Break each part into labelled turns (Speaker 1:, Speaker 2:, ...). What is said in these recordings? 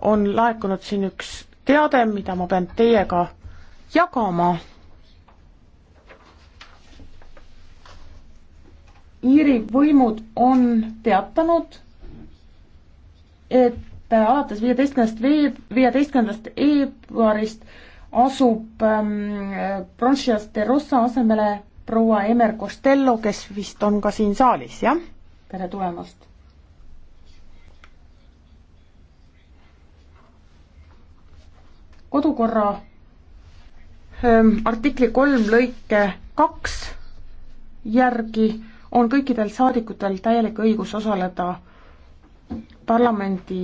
Speaker 1: on laekunud siin üks teade, mida ma pean teiega jagama. Iiri võimud on teatanud, et alates viieteistkümnest veeb-, viieteistkümnendast veebruarist asub ähm, Bronchias de Rossa asemele proua Emer Costello, kes vist on ka siin saalis, jah? tere tulemast! kodukorra ähm, artikli kolm lõike kaks järgi on kõikidel saadikutel täielik õigus osaleda parlamendi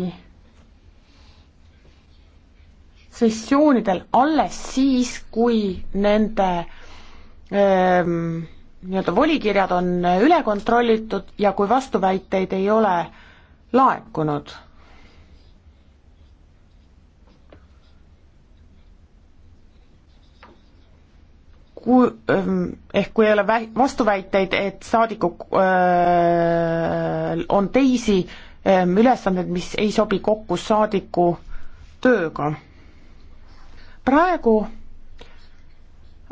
Speaker 1: sessioonidel alles siis, kui nende ähm, nii-öelda volikirjad on üle kontrollitud ja kui vastuväiteid ei ole laekunud kui, ähm, ehk kui ei ole vä-, vastuväiteid, et saadiku öö, äh, on teisi öö, ähm, ülesandeid, mis ei sobi kokku saadiku tööga. praegu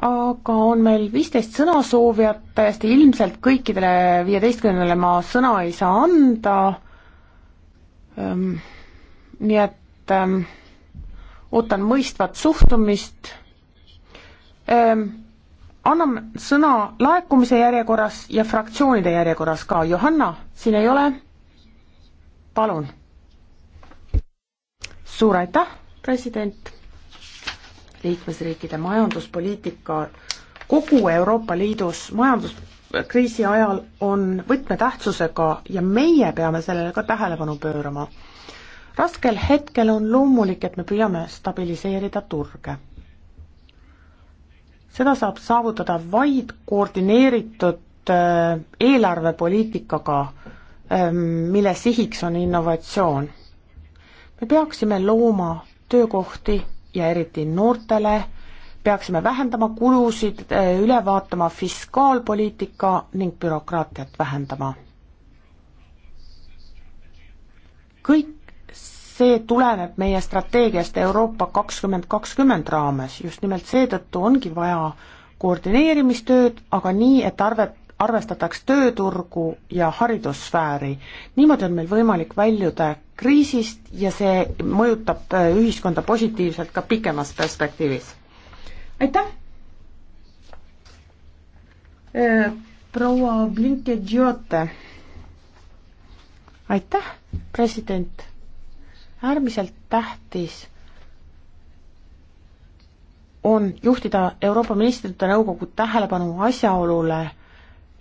Speaker 1: aga on meil viisteist sõnasoovijat, täiesti ilmselt kõikidele viieteistkümnele ma sõna ei saa anda, ähm, nii et öö, ootan mõistvat suhtumist, anname sõna laekumise järjekorras ja fraktsioonide järjekorras ka. Johanna, siin ei ole? palun. suur aitäh, president. liikmesriikide majanduspoliitika kogu Euroopa Liidus majanduskriisi ajal on võtmetähtsusega ja meie peame sellele ka tähelepanu pöörama raskel hetkel on loomulik, et me püüame stabiliseerida turge seda saab saavutada vaid koordineeritud äh, eelarvepoliitikaga, ähm, mille sihiks on innovatsioon. me peaksime looma töökohti ja eriti noortele, peaksime vähendama kulusid, äh, üle vaatama fiskaalpoliitika ning bürokraatiat vähendama. kõik see tuleneb meie strateegiast Euroopa kakskümmend kakskümmend raames, just nimelt seetõttu ongi vaja koordineerimistööd, aga nii, et arvet, arvestataks tööturgu ja haridussfääri. niimoodi on meil võimalik väljuda kriisist ja see mõjutab äh, ühiskonda positiivselt ka pikemas perspektiivis. aitäh! Äh, proua Blinke-Giote. aitäh, president äärmiselt tähtis on juhtida Euroopa Ministrite Nõukogu tähelepanu asjaolule,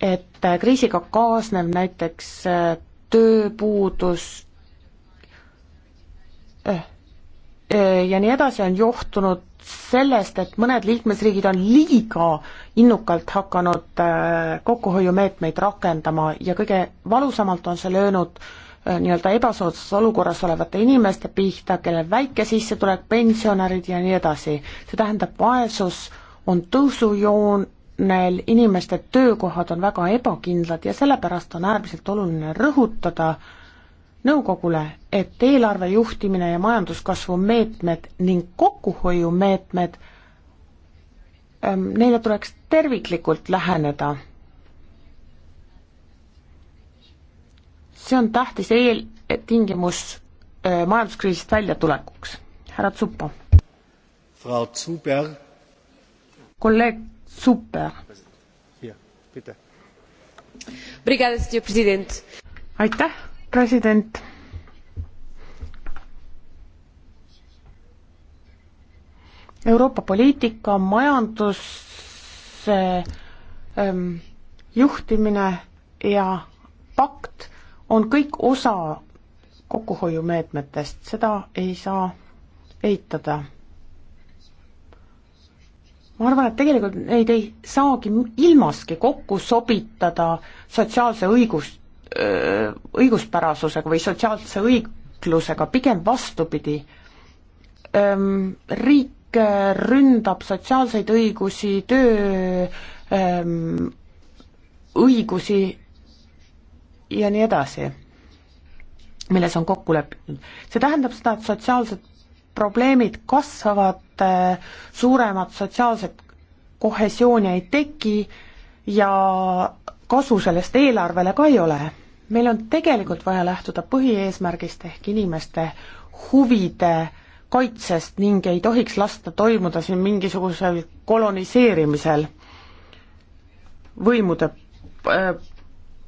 Speaker 1: et kriisiga kaasnev näiteks äh, tööpuudus äh, äh, ja nii edasi on johtunud sellest, et mõned liikmesriigid on liiga innukalt hakanud kokkuhoiumeetmeid rakendama ja kõige valusamalt on see löönud äh, nii-öelda ebasoodsas olukorras olevate inimeste pihta, kellel väike sissetulek, pensionärid ja nii edasi. see tähendab, vaesus on tõusujoonel, inimeste töökohad on väga ebakindlad ja sellepärast on äärmiselt oluline rõhutada nõukogule, et eelarve juhtimine ja majanduskasvu meetmed ning kokkuhoiumeetmed, ähm, neile tuleks terviklikult läheneda see on tähtis eeltingimus äh, majanduskriisist väljatulekuks. härra Zupa. kolleeg Zuper. aitäh, president. Euroopa poliitika, majanduse ähm, juhtimine ja pakt on kõik osa kokkuhoiumeetmetest, seda ei saa eitada. ma arvan, et tegelikult neid ei saagi ilmaski kokku sobitada sotsiaalse õigus, õiguspärasusega või sotsiaalse õiglusega, pigem vastupidi. Riik ründab sotsiaalseid õigusi, töö õigusi ja nii edasi, milles on kokku leppinud. see tähendab seda, et sotsiaalsed probleemid kasvavad, suuremat sotsiaalset kohesiooni ei teki ja kasu sellest eelarvele ka ei ole. meil on tegelikult vaja lähtuda põhieesmärgist ehk inimeste huvide kaitsest ning ei tohiks lasta toimuda siin mingisugusel koloniseerimisel võimude äh,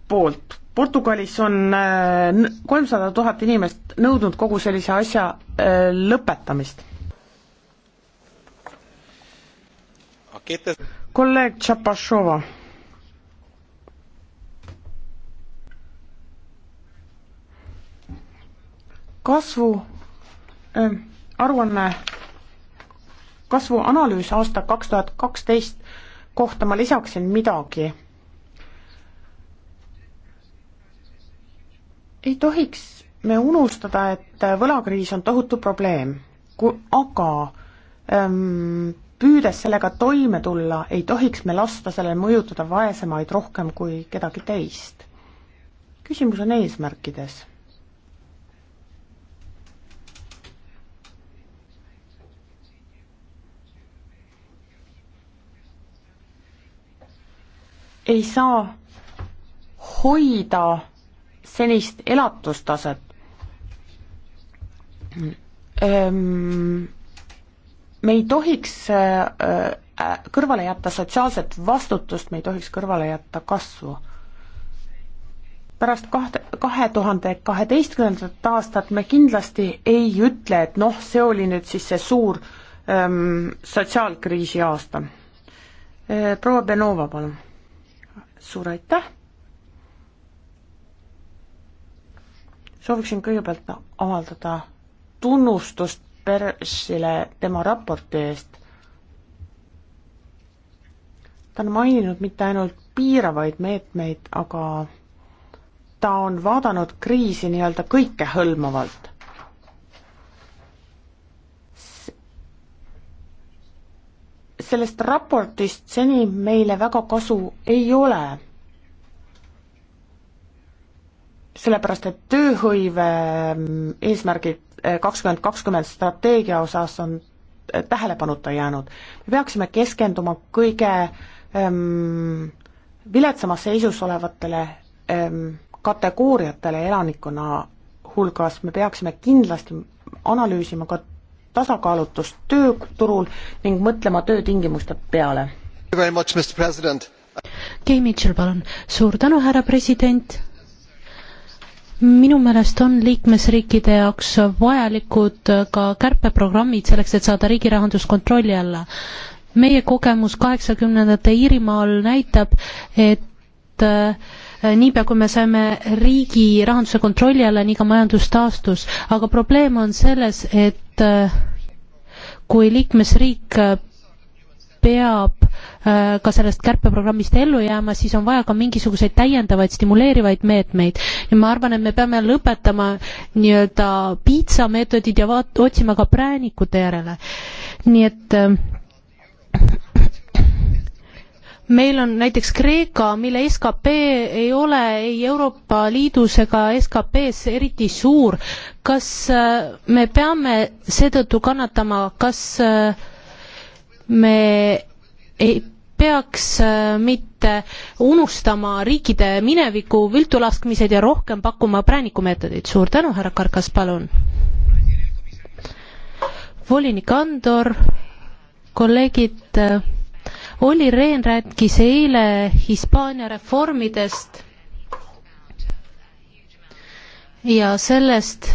Speaker 1: poolt. Portugalis on äh, kolmsada tuhat inimest nõudnud kogu sellise asja äh, lõpetamist. kolleeg Tšapašova. kasvu äh, aruanne, kasvuanalüüs aasta kaks tuhat kaksteist kohta ma lisaksin midagi ei tohiks me unustada, et võlakriis on tohutu probleem, aga ähm, püüdes sellega toime tulla, ei tohiks me lasta sellel mõjutada vaesemaid rohkem kui kedagi teist. küsimus on eesmärkides. ei saa hoida senist elatustaset. me ei tohiks äh, äh, kõrvale jätta sotsiaalset vastutust, me ei tohiks kõrvale jätta kasvu. pärast kahte, kahe tuhande kaheteistkümnendat aastat me kindlasti ei ütle, et noh, see oli nüüd siis see suur ähm, sotsiaalkriisi aasta. Äh, proua Benova, palun. suur aitäh sooviksin kõigepealt avaldada tunnustust Persile tema raporti eest. ta on maininud mitte ainult piiravaid meetmeid, aga ta on vaadanud kriisi nii-öelda kõikehõlmavalt. sellest raportist seni meile väga kasu ei ole sellepärast, et tööhõive mm, eesmärgid eh, kakskümmend kakskümmend strateegia osas on eh, tähelepanuta jäänud. me peaksime keskenduma kõige ähm, mm, viletsamas seisus olevatele ähm, kategooriatele elanikkonna hulgas, me peaksime kindlasti analüüsima ka tasakaalutust tööturul ning mõtlema töötingimuste peale. Kay Mitchell, palun.
Speaker 2: suur tänu, härra president minu meelest on liikmesriikide jaoks vajalikud ka kärpeprogrammid selleks, et saada riigi rahandus kontrolli alla. meie kogemus kaheksakümnendate Iirimaal näitab, et äh, niipea, kui me saime riigi rahanduse kontrolli alla, nii ka majandus taastus, aga probleem on selles, et äh, kui liikmesriik äh, peab Äh, ka sellest kärpeprogrammist ellu jääma, siis on vaja ka mingisuguseid täiendavaid stimuleerivaid meetmeid. ja ma arvan, et me peame lõpetama nii-öelda piitsameetodid ja vaat-, otsima ka präänikute järele. nii et äh, meil on näiteks Kreeka, mille skp ei ole ei Euroopa Liidus ega skp-s eriti suur. kas äh, me peame seetõttu kannatama, kas me ei peaks äh, mitte unustama riikide mineviku viltulaskmised ja rohkem pakkuma präänikumeetodeid. suur tänu, härra Karkas, palun. volinik Andor, kolleegid, äh, Olli Rehn rääkis eile Hispaania reformidest ja sellest,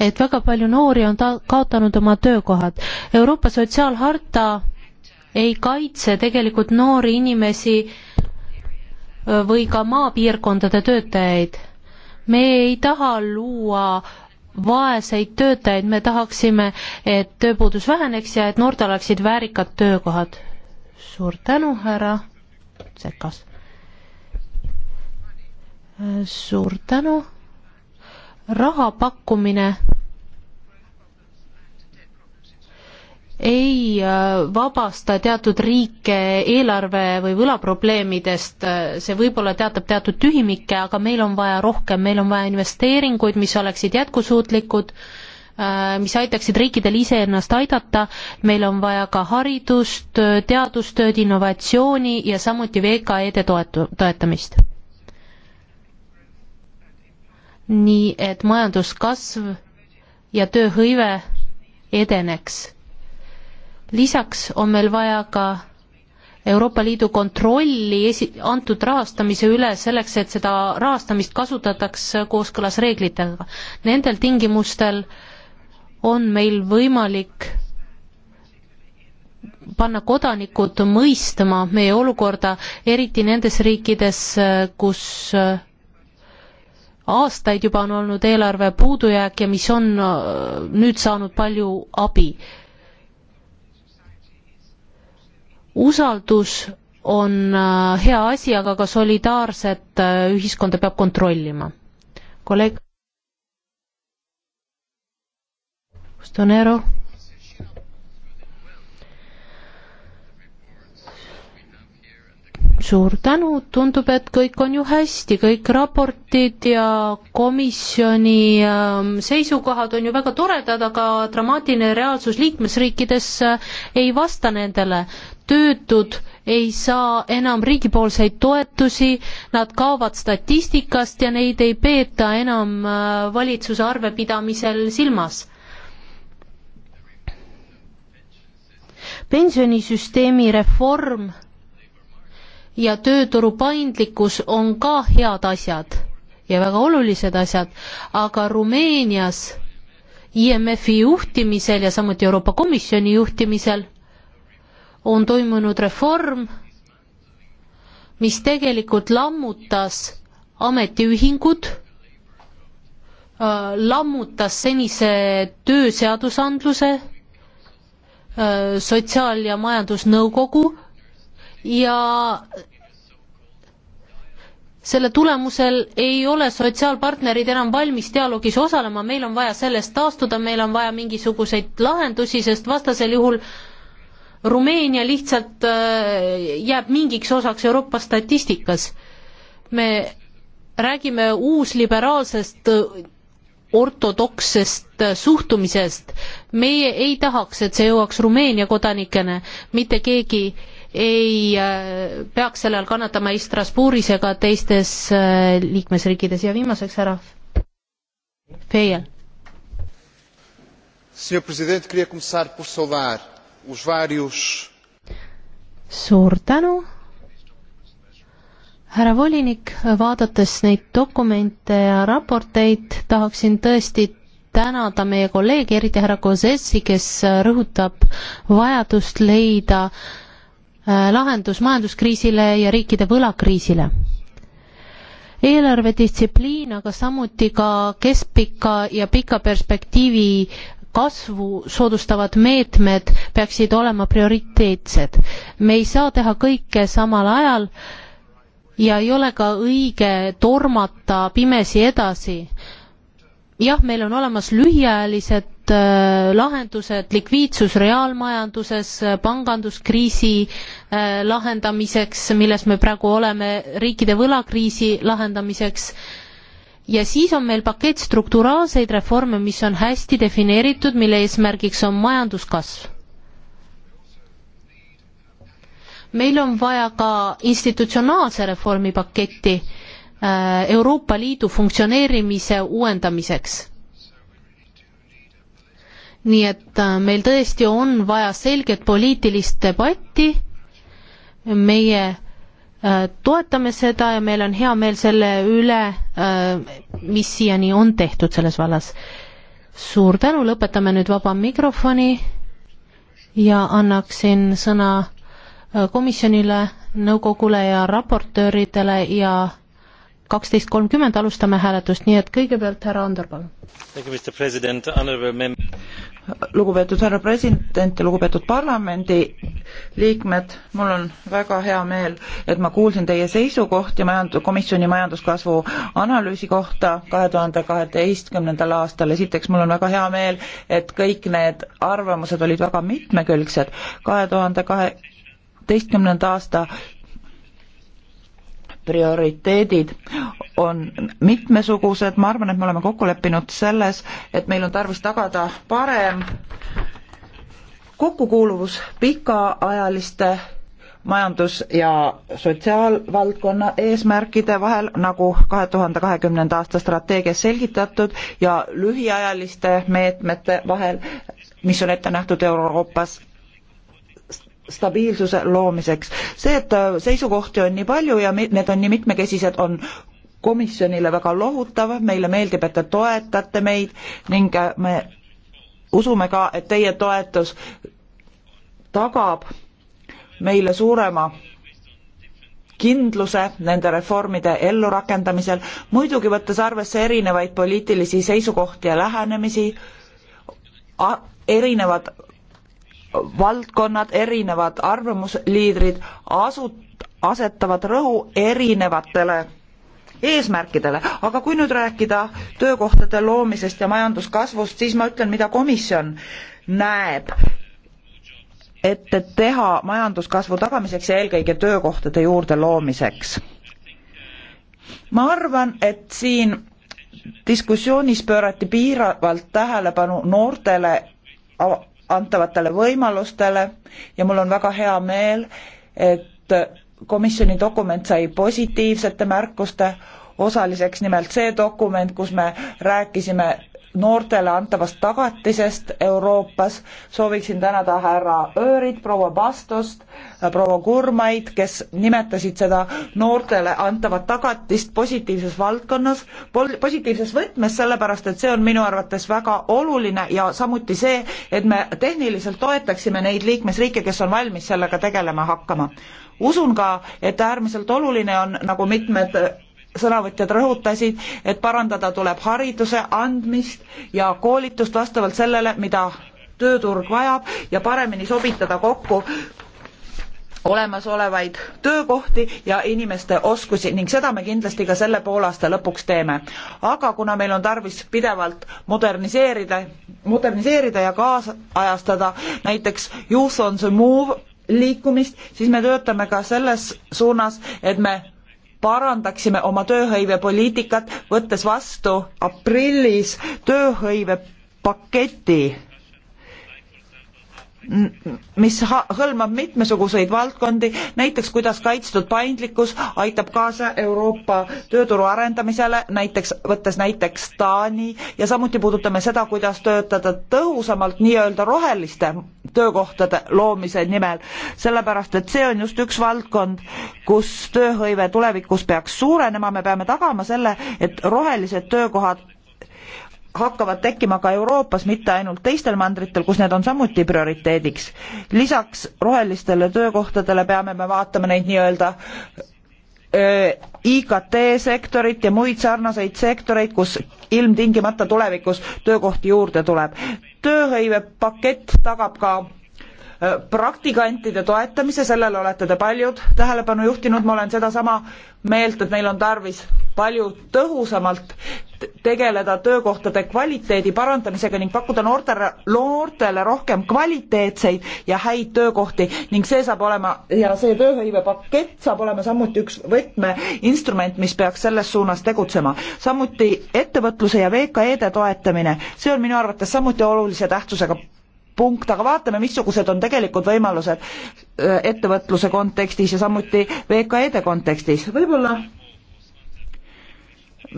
Speaker 2: et väga palju noori on ta-, kaotanud oma töökohad. Euroopa Sotsiaalharta ei kaitse tegelikult noori inimesi äh, või ka maapiirkondade töötajaid. me ei taha luua vaeseid töötajaid, me tahaksime, et tööpuudus väheneks ja et noortel oleksid väärikad töökohad. suur tänu, härra Sekas. Äh, suur tänu. raha pakkumine ei äh, vabasta teatud riike eelarve või võlaprobleemidest, see võib-olla teatab teatud tühimikke, aga meil on vaja rohkem, meil on vaja investeeringuid, mis oleksid jätkusuutlikud, äh, mis aitaksid riikidel iseennast aidata, meil on vaja ka haridust, teadustööd, innovatsiooni ja samuti VKE-de toetu-, toetamist. nii et majanduskasv ja tööhõive edeneks lisaks on meil vaja ka Euroopa Liidu kontrolli esi-, antud rahastamise üle selleks, et seda rahastamist kasutataks kooskõlas reeglitega. Nendel tingimustel on meil võimalik panna kodanikud mõistma meie olukorda, eriti nendes riikides, kus aastaid juba on olnud eelarve puudujääk ja mis on nüüd saanud palju abi usaldus on äh, hea asi, aga ka solidaarset äh, ühiskonda peab kontrollima. kolleeg. Stonero suur tänu, tundub, et kõik on ju hästi, kõik raportid ja komisjoni ähm, seisukohad on ju väga toredad, aga dramaatiline reaalsus liikmesriikides äh, ei vasta nendele. töötud ei saa enam riigipoolseid toetusi, nad kaovad statistikast ja neid ei peeta enam äh, valitsuse arvepidamisel silmas pensionisüsteemi reform ja tööturu paindlikkus on ka head asjad ja väga olulised asjad, aga Rumeenias IMF-i juhtimisel ja samuti Euroopa Komisjoni juhtimisel on toimunud reform, mis tegelikult lammutas ametiühingud, äh, lammutas senise tööseadusandluse, äh, sotsiaal- ja majandusnõukogu, ja selle tulemusel ei ole sotsiaalpartnerid enam valmis dialoogis osalema, meil on vaja sellest taastuda, meil on vaja mingisuguseid lahendusi, sest vastasel juhul Rumeenia lihtsalt äh, jääb mingiks osaks Euroopa statistikas. me räägime uusliberaalsest äh, ortodoksest äh, suhtumisest, meie ei tahaks, et see jõuaks Rumeenia kodanikena, mitte keegi äh, ei äh, peaks selle all kannatama ei Strasbourgis ega teistes äh, liikmesriikides ja viimaseks härra Feiel.
Speaker 1: Senhor Presidente, queria começar por saudar os vários.
Speaker 2: Suur tänu. härra volinik, vaadates neid dokumente ja raporteid, tahaksin tõesti tänada meie kolleegi, eriti härra Kozessi, kes rõhutab vajadust leida äh, Äh, lahendus majanduskriisile ja riikide võlakriisile. eelarvedistsipliin, aga samuti ka keskpika ja pika perspektiivi kasvu soodustavad meetmed peaksid olema prioriteetsed. me ei saa teha kõike samal ajal ja ei ole ka õige tormata pimesi edasi. jah, meil on olemas lühiajalised parimad äh, lahendused likviidsus reaalmajanduses, äh, panganduskriisi äh, lahendamiseks, milles me praegu oleme, riikide võlakriisi lahendamiseks ja siis on meil pakett strukturaalseid reforme, mis on hästi defineeritud, mille eesmärgiks on majanduskasv. meil on vaja ka institutsionaalse reformi paketti Euroopa Liidu funktsioneerimise uuendamiseks nii et äh, meil tõesti on vaja selget poliitilist debatti, meie äh, toetame seda ja meil on hea meel selle üle, äh, mis siiani on tehtud selles vallas. suur tänu, lõpetame nüüd vaba mikrofoni ja annaksin sõna komisjonile, nõukogule ja raportööridele ja kaksteist kolmkümmend alustame hääletust, nii et kõigepealt härra Andor, palun.
Speaker 3: lugupeetud härra president ja lugupeetud parlamendi liikmed, mul on väga hea meel, et ma kuulsin teie seisukohti majand-, komisjoni majanduskasvu analüüsi kohta kahe tuhande kaheteistkümnendal aastal. esiteks, mul on väga hea meel, et kõik need arvamused olid väga mitmekülgsed. kahe tuhande kahe teistkümnenda aasta prioriteedid on mitmesugused, ma arvan, et me oleme kokku leppinud selles, et meil on tarvis tagada parem kokkukuuluvus pikaajaliste majandus- ja sotsiaalvaldkonna eesmärkide vahel, nagu kahe tuhande kahekümnenda aasta strateegias selgitatud, ja lühiajaliste meetmete vahel, mis on ette nähtud Euroopas stabiilsuse loomiseks. see, et äh, seisukohti on nii palju ja need on nii mitmekesised, on komisjonile väga lohutav, meile meeldib, et te toetate meid ning äh, me usume ka, et teie toetus tagab meile suurema kindluse nende reformide ellurakendamisel, muidugi võttes arvesse erinevaid poliitilisi seisukohti ja lähenemisi, erinevad valdkonnad, erinevad arvamusliidrid asut-, asetavad rõhu erinevatele eesmärkidele, aga kui nüüd rääkida töökohtade loomisest ja majanduskasvust, siis ma ütlen, mida komisjon näeb, et teha majanduskasvu tagamiseks ja eelkõige töökohtade juurde loomiseks. ma arvan, et siin diskussioonis pöörati piiravalt tähelepanu noortele antavatele võimalustele ja mul on väga hea meel, et komisjoni dokument sai positiivsete märkuste osaliseks, nimelt see dokument, kus me rääkisime noortele antavast tagatisest Euroopas. sooviksin tänada härra Öörit, proua Bastost, proua Kurmaid, kes nimetasid seda noortele antavat tagatist positiivses valdkonnas, positiivses võtmes, sellepärast et see on minu arvates väga oluline ja samuti see, et me tehniliselt toetaksime neid liikmesriike, kes on valmis sellega tegelema hakkama. usun ka, et äärmiselt oluline on, nagu mitmed sõnavõtjad rõhutasid, et parandada tuleb hariduse andmist ja koolitust vastavalt sellele, mida tööturg vajab ja paremini sobitada kokku olemasolevaid töökohti ja inimeste oskusi ning seda me kindlasti ka selle poolaasta lõpuks teeme. aga kuna meil on tarvis pidevalt moderniseerida, moderniseerida ja kaasajastada näiteks Youth on the Move liikumist, siis me töötame ka selles suunas, et me parandaksime oma tööhõivepoliitikat, võttes vastu aprillis tööhõivepaketi, mis hõlmab mitmesuguseid valdkondi, näiteks kuidas kaitstud paindlikkus aitab kaasa Euroopa tööturu arendamisele, näiteks võttes näiteks Taani ja samuti puudutame seda, kuidas töötada tõhusamalt nii-öelda roheliste töökohtade loomise nimel, sellepärast et see on just üks valdkond, kus tööhõive tulevikus peaks suurenema, me peame tagama selle, et rohelised töökohad hakkavad tekkima ka Euroopas, mitte ainult teistel mandritel, kus need on samuti prioriteediks. lisaks rohelistele töökohtadele peame me vaatama neid nii-öelda IKT-sektorit ja muid sarnaseid sektoreid, kus ilmtingimata tulevikus töökohti juurde tuleb. tööhõivepakett tagab ka Äh, praktikantide toetamise, sellele olete te paljud tähelepanu juhtinud, ma olen sedasama meelt, et meil on tarvis palju tõhusamalt tegeleda töökohtade kvaliteedi parandamisega ning pakkuda noortele, noortele rohkem kvaliteetseid ja häid töökohti ning see saab olema ja see tööhõivepakett saab olema samuti üks võtmeinstrument, mis peaks selles suunas tegutsema. samuti ettevõtluse ja VKE-de toetamine, see on minu arvates samuti olulise tähtsusega punkt, aga vaatame, missugused on tegelikud võimalused äh, ettevõtluse kontekstis ja samuti VKE-de kontekstis. võib-olla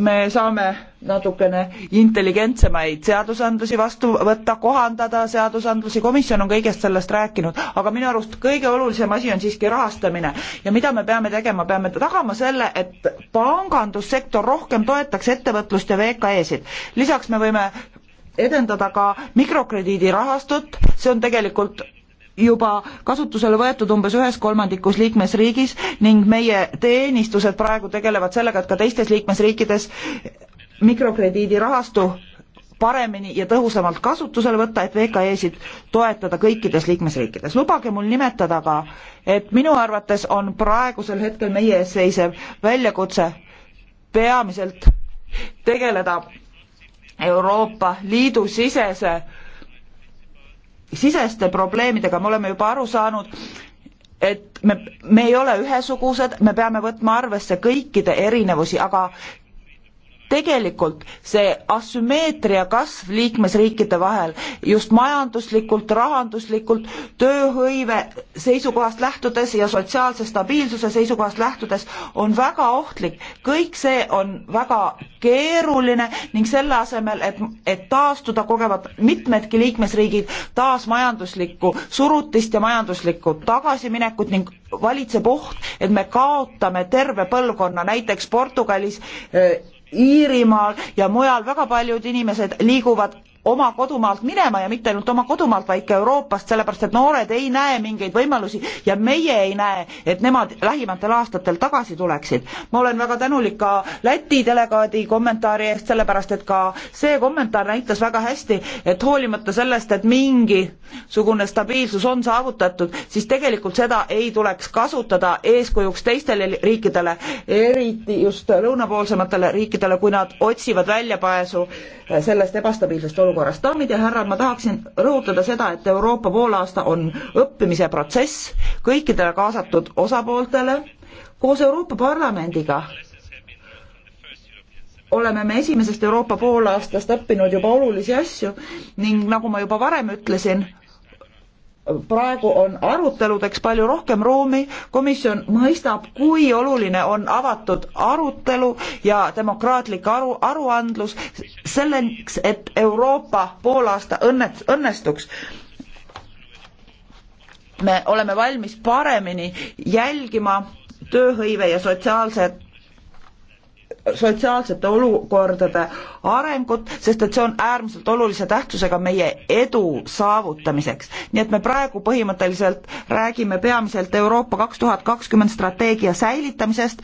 Speaker 3: me saame natukene intelligentsemaid seadusandlusi vastu võtta, kohandada seadusandlusi, komisjon on kõigest sellest rääkinud, aga minu arust kõige olulisem asi on siiski rahastamine. ja mida me peame tegema, peame tagama selle, et pangandussektor rohkem toetaks ettevõtlust ja VKE-sid. lisaks me võime edendada ka mikrokrediidirahastut, see on tegelikult juba kasutusele võetud umbes ühes kolmandikus liikmesriigis ning meie teenistused praegu tegelevad sellega, et ka teistes liikmesriikides mikrokrediidirahastu paremini ja tõhusamalt kasutusele võtta, et VKE-sid toetada kõikides liikmesriikides. lubage mul nimetada ka, et minu arvates on praegusel hetkel meie ees seisev väljakutse peamiselt tegeleda Euroopa Liidu sisese, siseste probleemidega, me oleme juba aru saanud, et me, me ei ole ühesugused, me peame võtma arvesse kõikide erinevusi, aga tegelikult see asümmeetria kasv liikmesriikide vahel just majanduslikult, rahanduslikult, tööhõive seisukohast lähtudes ja sotsiaalse stabiilsuse seisukohast lähtudes on väga ohtlik. kõik see on väga keeruline ning selle asemel, et, et taastuda, kogevad mitmedki liikmesriigid taas majanduslikku surutist ja majanduslikku tagasiminekut ning valitseb oht, et me kaotame terve põlvkonna, näiteks Portugalis eh, Iirimaal ja mujal väga paljud inimesed liiguvad oma kodumaalt minema ja mitte ainult oma kodumaalt, vaid ka Euroopast, sellepärast et noored ei näe mingeid võimalusi ja meie ei näe, et nemad lähimatel aastatel tagasi tuleksid. ma olen väga tänulik ka Läti delegaadi kommentaari eest, sellepärast et ka see kommentaar näitas väga hästi, et hoolimata sellest, et mingisugune stabiilsus on saavutatud, siis tegelikult seda ei tuleks kasutada eeskujuks teistele riikidele, eriti just lõunapoolsematele riikidele, kui nad otsivad väljapääsu sellest ebastabiilsest olukorrast olukorrast. daamid ja härrad, ma tahaksin rõhutada seda, et Euroopa poolaasta on õppimise protsess kõikidele kaasatud osapooltele. koos Euroopa Parlamendiga oleme me esimesest Euroopa poolaastast õppinud juba olulisi asju ning nagu ma juba varem ütlesin, praegu on aruteludeks palju rohkem ruumi, komisjon mõistab, kui oluline on avatud arutelu ja demokraatlik aru, aruandlus selleks, et Euroopa poolaasta õnnet-, õnnestuks. me oleme valmis paremini jälgima tööhõive ja sotsiaalset sotsiaalsete olukordade arengut, sest et see on äärmiselt olulise tähtsusega meie edu saavutamiseks. nii et me praegu põhimõtteliselt räägime peamiselt Euroopa kaks tuhat kakskümmend strateegia säilitamisest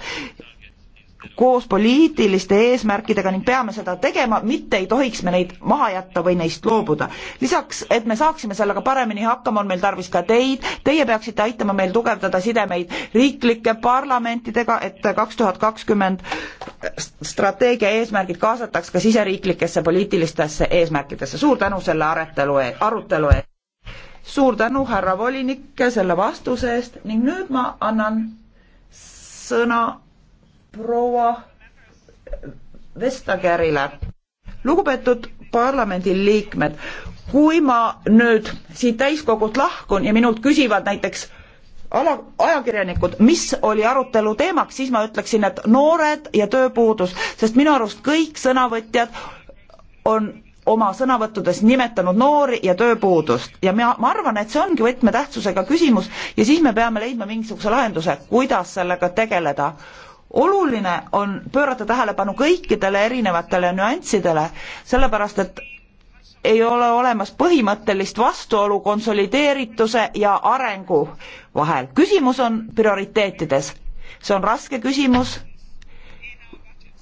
Speaker 3: koos poliitiliste eesmärkidega ning peame seda tegema, mitte ei tohiks me neid maha jätta või neist loobuda. lisaks, et me saaksime sellega paremini hakkama, on meil tarvis ka teid, teie peaksite aitama meil tugevdada sidemeid riiklike parlamentidega, et kaks tuhat kakskümmend strateegia eesmärgid kaasataks ka siseriiklikesse poliitilistesse eesmärkidesse. suur tänu selle aretelu, e-, arutelu eest! suur tänu, härra volinik, selle vastuse eest ning nüüd ma annan sõna proua Vestagerile. lugupeetud parlamendiliikmed, kui ma nüüd siit täiskogult lahkun ja minult küsivad näiteks ala, ajakirjanikud, mis oli arutelu teemaks, siis ma ütleksin, et noored ja tööpuudus, sest minu arust kõik sõnavõtjad on oma sõnavõttudes nimetanud noori ja tööpuudust ja ma, ma arvan, et see ongi võtmetähtsusega küsimus ja siis me peame leidma mingisuguse lahenduse, kuidas sellega tegeleda oluline on pöörata tähelepanu kõikidele erinevatele nüanssidele, sellepärast et ei ole olemas põhimõttelist vastuolu konsolideerituse ja arengu vahel. küsimus on prioriteetides. see on raske küsimus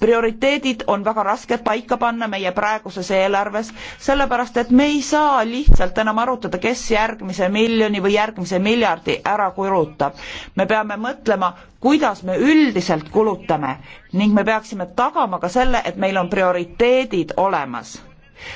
Speaker 3: prioriteedid on väga raske paika panna meie praeguses eelarves, sellepärast et me ei saa lihtsalt enam arutada, kes järgmise miljoni või järgmise miljardi ära kulutab. me peame mõtlema, kuidas me üldiselt kulutame ning me peaksime tagama ka selle, et meil on prioriteedid olemas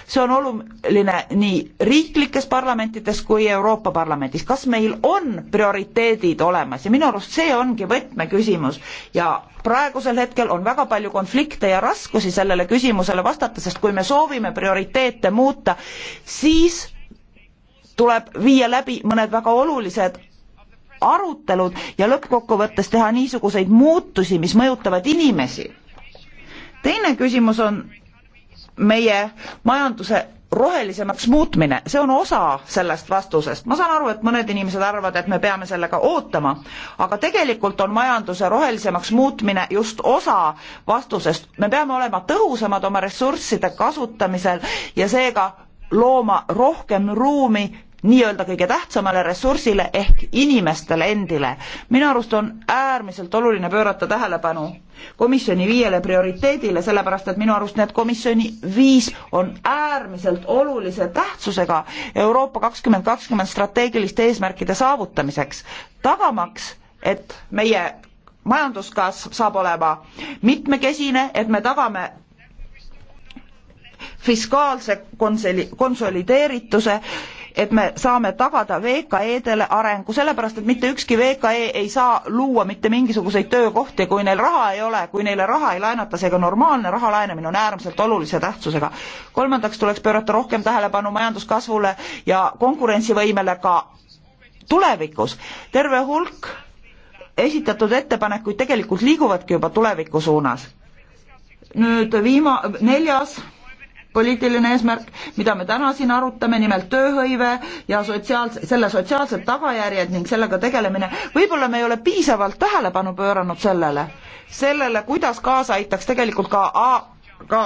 Speaker 3: see on oluline nii riiklikes parlamentides kui Euroopa Parlamendis, kas meil on prioriteedid olemas ja minu arust see ongi võtmeküsimus ja praegusel hetkel on väga palju konflikte ja raskusi sellele küsimusele vastata, sest kui me soovime prioriteete muuta, siis tuleb viia läbi mõned väga olulised arutelud ja lõppkokkuvõttes teha niisuguseid muutusi, mis mõjutavad inimesi. teine küsimus on meie majanduse rohelisemaks muutmine, see on osa sellest vastusest. ma saan aru, et mõned inimesed arvavad, et me peame sellega ootama, aga tegelikult on majanduse rohelisemaks muutmine just osa vastusest. me peame olema tõhusamad oma ressursside kasutamisel ja seega looma rohkem ruumi nii-öelda kõige tähtsamale ressursile ehk inimestele endile. minu arust on äärmiselt oluline pöörata tähelepanu komisjoni viiele prioriteedile, sellepärast et minu arust need komisjoni viis on äärmiselt olulise tähtsusega Euroopa kakskümmend kakskümmend strateegiliste eesmärkide saavutamiseks, tagamaks, et meie majanduskasv saab olema mitmekesine, et me tagame fiskaalse konsoli-, konsolideerituse et me saame tagada VKE-dele arengu, sellepärast et mitte ükski VKE ei saa luua mitte mingisuguseid töökohti, kui neil raha ei ole, kui neile raha ei laenata, seega normaalne raha laenamine on äärmiselt olulise tähtsusega. kolmandaks tuleks pöörata rohkem tähelepanu majanduskasvule ja konkurentsivõimele ka tulevikus. terve hulk esitatud ettepanekuid tegelikult liiguvadki juba tuleviku suunas. nüüd viima-, neljas poliitiline eesmärk, mida me täna siin arutame, nimelt tööhõive ja sotsiaalse, selle sotsiaalsed tagajärjed ning sellega tegelemine, võib-olla me ei ole piisavalt tähelepanu pööranud sellele, sellele, kuidas kaasa aitaks tegelikult ka, ka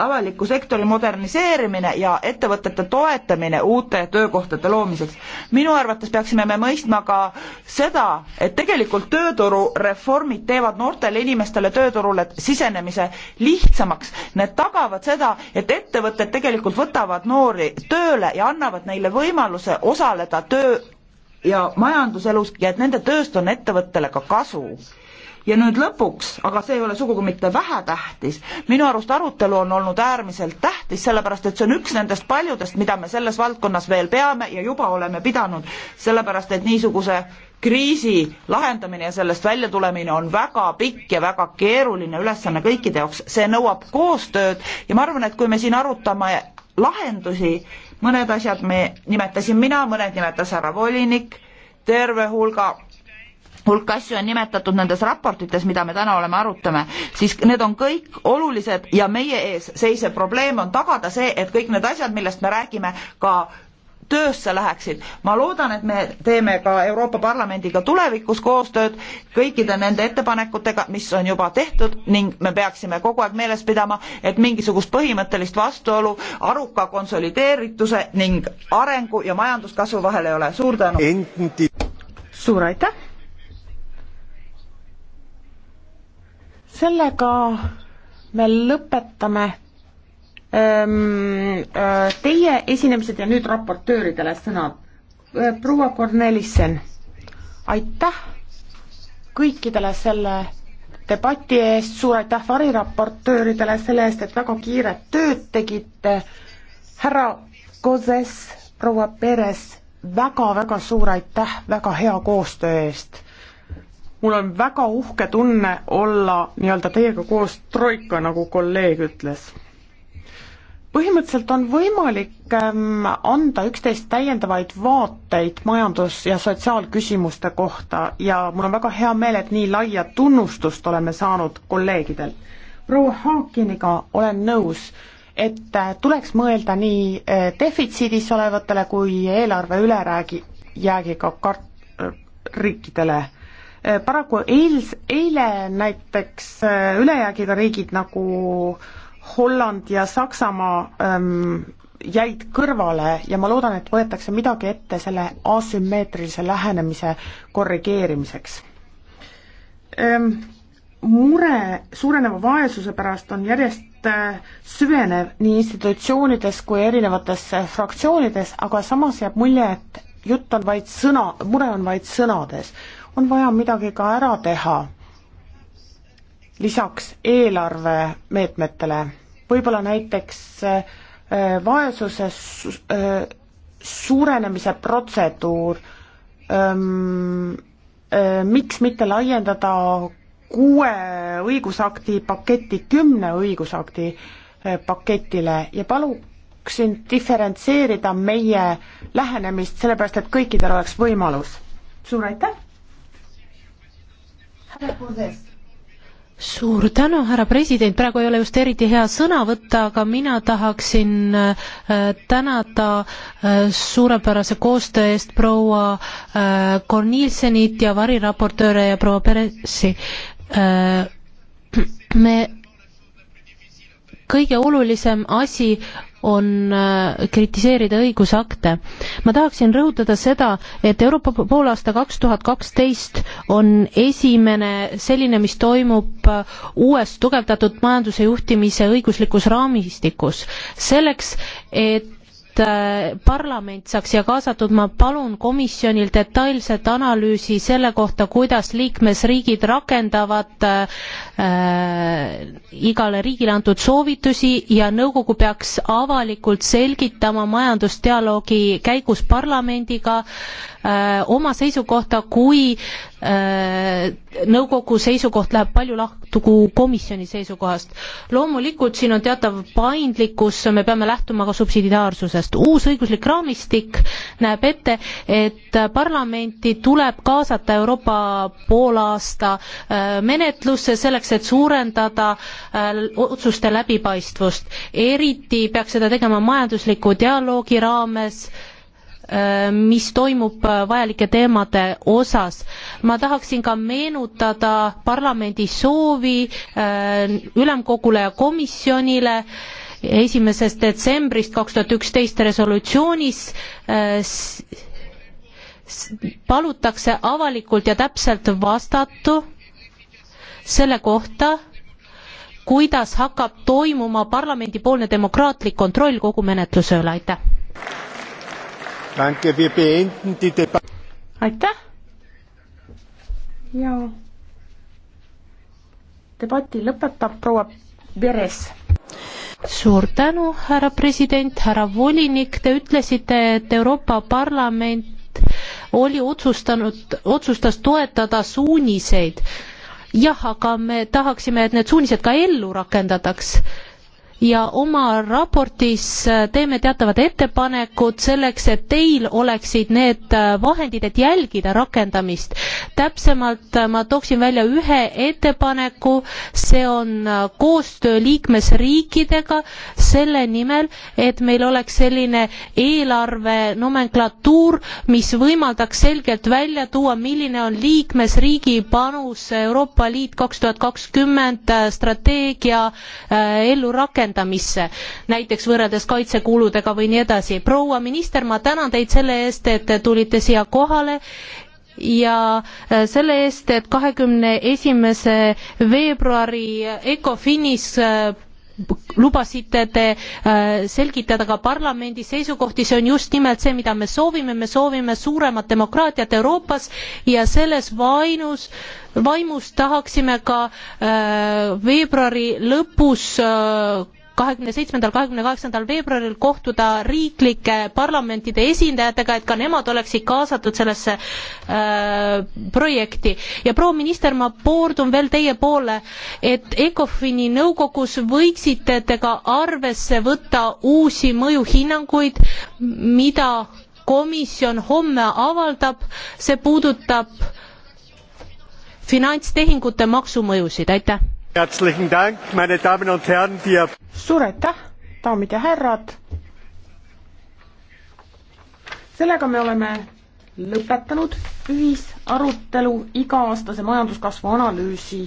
Speaker 3: avaliku sektori moderniseerimine ja ettevõtete toetamine uute töökohtade loomiseks. minu arvates peaksime me mõistma ka seda, et tegelikult tööturureformid teevad noortele inimestele tööturule sisenemise lihtsamaks. Need tagavad seda, et ettevõtted tegelikult võtavad noori tööle ja annavad neile võimaluse osaleda töö ja majanduselus ja et nende tööst on ettevõttele ka kasu ja nüüd lõpuks, aga see ei ole sugugi mitte vähetähtis, minu arust arutelu on olnud äärmiselt tähtis, sellepärast et see on üks nendest paljudest, mida me selles valdkonnas veel peame ja juba oleme pidanud, sellepärast et niisuguse kriisi lahendamine ja sellest väljatulemine on väga pikk ja väga keeruline ülesanne kõikide jaoks, see nõuab koostööd ja ma arvan, et kui me siin arutame lahendusi, mõned asjad me nimetasin mina, mõned nimetas härra volinik, terve hulga hulk asju on nimetatud nendes raportites, mida me täna oleme arutame, siis need on kõik olulised ja meie ees seisev probleem on tagada see, et kõik need asjad, millest me räägime, ka töösse läheksid. ma loodan, et me teeme ka Euroopa Parlamendiga tulevikus koostööd kõikide nende ettepanekutega, mis on juba tehtud ning me peaksime kogu aeg meeles pidama, et mingisugust põhimõttelist vastuolu aruka konsolideerituse ning arengu ja majanduskasvu vahel ei ole. suur tänu! suur aitäh!
Speaker 1: sellega me lõpetame ähm, äh, teie esinemised ja nüüd raportööridele sõna. Äh, proua Kornelissen, aitäh kõikidele selle debati eest, suur aitäh variraportööridele selle eest, et väga kiiret tööd tegite. härra Kozes, proua Peres väga,, väga-väga suur aitäh väga hea koostöö eest mul on väga uhke tunne olla nii-öelda teiega koos troika, nagu kolleeg ütles. põhimõtteliselt on võimalik ähm, anda üksteist täiendavaid vaateid majandus- ja sotsiaalküsimuste kohta ja mul on väga hea meel, et nii laia tunnustust oleme saanud kolleegidelt. proua Haakiniga olen nõus et äh, tuleks mõelda nii äh, defitsiidis olevatele kui eelarve üleräägi, jäägiga kart-, äh, riikidele. Eh, paraku eils, eile näiteks eh, ülejäägiga riigid nagu Holland ja Saksamaa ähm, jäid kõrvale ja ma loodan, et võetakse midagi ette selle asümmeetrilise lähenemise korrigeerimiseks ähm,. mure suureneva vaesuse pärast on järjest äh, süvenev nii institutsioonides kui erinevates fraktsioonides, aga samas jääb mulje, et jutt on vaid sõna, mure on vaid sõnades on vaja midagi ka ära teha lisaks eelarvemeetmetele, võib-olla näiteks äh, vaesuse äh, suurenemise protseduur, ähm, äh, miks mitte laiendada kuue õigusakti paketti kümne õigusakti paketile ja paluksin diferentseerida meie lähenemist, sellepärast et kõikidel oleks võimalus. suur aitäh! härra Koses suur tänu, härra
Speaker 2: president, praegu ei ole just eriti hea sõna võtta, aga mina tahaksin äh, tänada äh, suurepärase koostöö eest proua äh, Kornilsenit ja variraportööre ja proua Peressi. me, kõige olulisem asi on äh, kritiseerida õigusakte. ma tahaksin rõhutada seda, et Euroopa poolaasta kaks tuhat kaksteist on esimene selline, mis toimub äh, uues tugevdatud majanduse juhtimise õiguslikus raamistikus. selleks, et Äh, parlament saaks siia kaasatud, ma palun komisjonil detailset analüüsi selle kohta, kuidas liikmesriigid rakendavad äh, igale riigile antud soovitusi ja nõukogu peaks avalikult selgitama majandusdialoogi käigus parlamendiga äh, oma seisukohta, kui Äh, nõukogu seisukoht läheb palju lahtugu komisjoni seisukohast. loomulikult siin on teatav paindlikkus, me peame lähtuma ka subsidiaarsusest. uus õiguslik raamistik näeb ette, et parlamenti tuleb kaasata Euroopa poolaasta äh, menetlusse selleks, et suurendada äh, otsuste läbipaistvust. eriti peaks seda tegema majandusliku dialoogi raames, Äh, mis toimub äh, vajalike teemade osas. ma tahaksin ka meenutada parlamendi soovi äh, ülemkogule ja komisjonile esimesest detsembrist kaks tuhat üksteist resolutsioonis palutakse avalikult ja täpselt vastatu selle kohta, kuidas hakkab toimuma parlamendipoolne demokraatlik kontroll kogu menetluse üle, aitäh! aitäh!
Speaker 1: ja debati lõpetab proua Veres.
Speaker 2: suur tänu, härra president, härra volinik, te ütlesite, et Euroopa Parlament oli otsustanud, otsustas toetada suuniseid. jah, aga me tahaksime, et need suunised ka ellu rakendataks ja oma raportis äh, teeme teatavad ettepanekud selleks, et teil oleksid need äh, vahendid, et jälgida rakendamist. täpsemalt äh, ma tooksin välja ühe ettepaneku, see on koostöö liikmesriikidega selle nimel, et meil oleks selline eelarve nomenklatuur, mis võimaldaks selgelt välja tuua, milline on liikmesriigi panus Euroopa Liit kaks tuhat kakskümmend strateegia ellurakendamisel suurendamisse, näiteks võrreldes kaitsekuludega või nii edasi. proua minister, ma tänan teid selle eest, et te tulite siia kohale ja äh, selle eest, et kahekümne esimese veebruari ECOFINis äh, lubasite te äh, selgitada ka parlamendi seisukohti, see on just nimelt see, mida me soovime, me soovime suuremat demokraatiat Euroopas ja selles vainus, vaimus tahaksime ka veebruari lõpus kahekümne seitsmendal, kahekümne kaheksandal veebruaril kohtuda riiklike parlamentide esindajatega, et ka nemad oleksid kaasatud sellesse äh, projekti. ja proua minister, ma pöördun veel teie poole, et ECOFIN-i nõukogus võiksite te ka arvesse võtta uusi mõjuhinnanguid, mida komisjon homme avaldab, see puudutab finantstehingute maksumõjusid, aitäh
Speaker 1: suur aitäh, daamid ja härrad. sellega me oleme lõpetanud ühisarutelu iga-aastase majanduskasvu analüüsi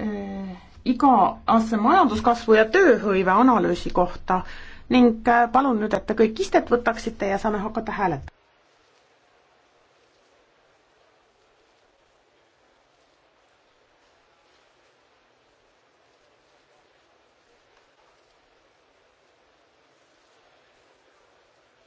Speaker 1: äh,, iga-aastase majanduskasvu ja tööhõive analüüsi kohta ning äh, palun nüüd, et te kõik istet võtaksite ja saame hakata hääletama.